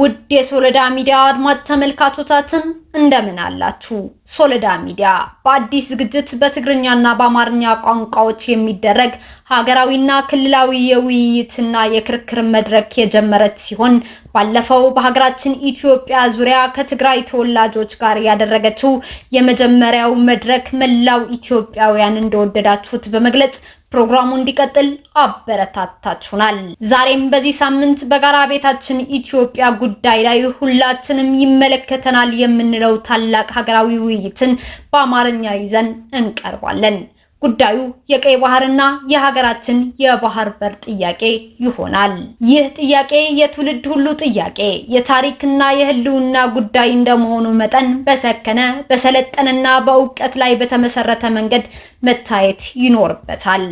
ውድ የሶለዳ ሚዲያ አድማጭ ተመልካቾቻችን እንደምን አላችሁ? ሶለዳ ሚዲያ በአዲስ ዝግጅት በትግርኛና በአማርኛ ቋንቋዎች የሚደረግ ሀገራዊና ክልላዊ የውይይትና የክርክር መድረክ የጀመረች ሲሆን ባለፈው በሀገራችን ኢትዮጵያ ዙሪያ ከትግራይ ተወላጆች ጋር ያደረገችው የመጀመሪያው መድረክ መላው ኢትዮጵያውያን እንደወደዳችሁት በመግለጽ ፕሮግራሙ እንዲቀጥል አበረታታችሁናል። ዛሬም በዚህ ሳምንት በጋራ ቤታችን ኢትዮጵያ ጉዳይ ላይ ሁላችንም ይመለከተናል የምንለው ታላቅ ሀገራዊ ውይይትን በአማርኛ ይዘን እንቀርባለን። ጉዳዩ የቀይ ባህርና የሀገራችን የባህር በር ጥያቄ ይሆናል። ይህ ጥያቄ የትውልድ ሁሉ ጥያቄ፣ የታሪክና የህልውና ጉዳይ እንደመሆኑ መጠን በሰከነ በሰለጠነና በእውቀት ላይ በተመሰረተ መንገድ መታየት ይኖርበታል።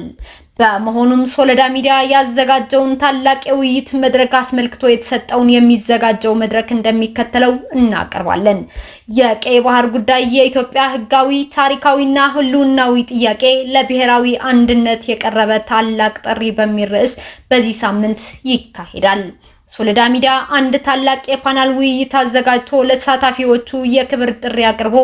በመሆኑም ሶለዳ ሚዲያ ያዘጋጀውን ታላቅ የውይይት መድረክ አስመልክቶ የተሰጠውን የሚዘጋጀው መድረክ እንደሚከተለው እናቀርባለን። የቀይ ባህር ጉዳይ የኢትዮጵያ ሕጋዊ ታሪካዊና ሕልውናዊ ጥያቄ ለብሔራዊ አንድነት የቀረበ ታላቅ ጥሪ በሚል ርዕስ በዚህ ሳምንት ይካሄዳል። ሶለዳ ሚዲያ አንድ ታላቅ የፓናል ውይይት አዘጋጅቶ ለተሳታፊዎቹ የክብር ጥሪ አቅርቦ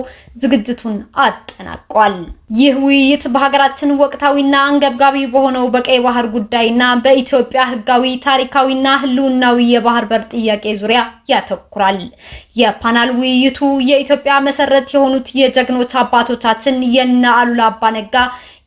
ዝግጅቱን አጠናቋል። ይህ ውይይት በሀገራችን ወቅታዊና አንገብጋቢ በሆነው በቀይ ባህር ጉዳይና በኢትዮጵያ ሕጋዊ ታሪካዊና ሕልውናዊ የባህር በር ጥያቄ ዙሪያ ያተኩራል። የፓናል ውይይቱ የኢትዮጵያ መሰረት የሆኑት የጀግኖች አባቶቻችን የነ አሉላ አባ ነጋ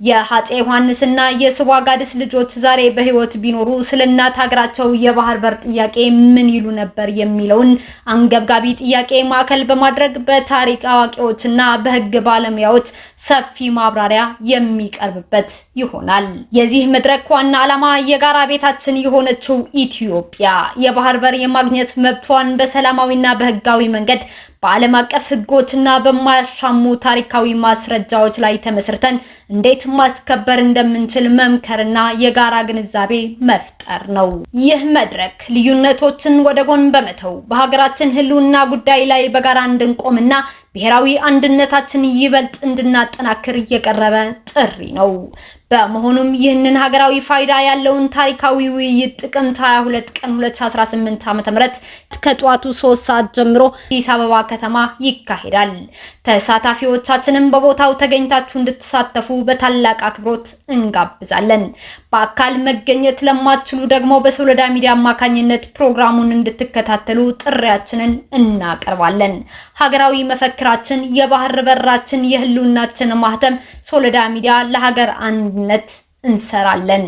የአፄ ዮሐንስና የስዋጋድስ ልጆች ዛሬ በሕይወት ቢኖሩ ስለ እናት ሀገራቸው የባህር በር ጥያቄ ጥያቄ ምን ይሉ ነበር የሚለውን አንገብጋቢ ጥያቄ ማዕከል በማድረግ በታሪክ አዋቂዎችና በህግ ባለሙያዎች ሰፊ ማብራሪያ የሚቀርብበት ይሆናል። የዚህ መድረክ ዋና ዓላማ የጋራ ቤታችን የሆነችው ኢትዮጵያ የባህር በር የማግኘት መብቷን በሰላማዊና በህጋዊ መንገድ በዓለም አቀፍ ህጎችና በማያሻሙ ታሪካዊ ማስረጃዎች ላይ ተመስርተን እንዴት ማስከበር እንደምንችል መምከርና የጋራ ግንዛቤ መፍጠር ነው። ይህ መድረክ ልዩነቶችን ወደ ጎን በመተው በሀገራችን ህልውና ጉዳይ ላይ በጋራ እንድንቆምና ብሔራዊ አንድነታችን ይበልጥ እንድናጠናክር የቀረበ ጥሪ ነው። በመሆኑም ይህንን ሀገራዊ ፋይዳ ያለውን ታሪካዊ ውይይት ጥቅምት 22 ቀን 2018 ዓ.ም ከጠዋቱ 3 ሰዓት ጀምሮ አዲስ አበባ ከተማ ይካሄዳል። ተሳታፊዎቻችንም በቦታው ተገኝታችሁ እንድትሳተፉ በታላቅ አክብሮት እንጋብዛለን። በአካል መገኘት ለማትችሉ ደግሞ በሶሎዳ ሚዲያ አማካኝነት ፕሮግራሙን እንድትከታተሉ ጥሪያችንን እናቀርባለን። ሀገራዊ መፈክራችን፣ የባህር በራችን፣ የህልውናችን ማህተም ሶሎዳ ሚዲያ ለሀገር አንድ በአብሮነት እንሰራለን።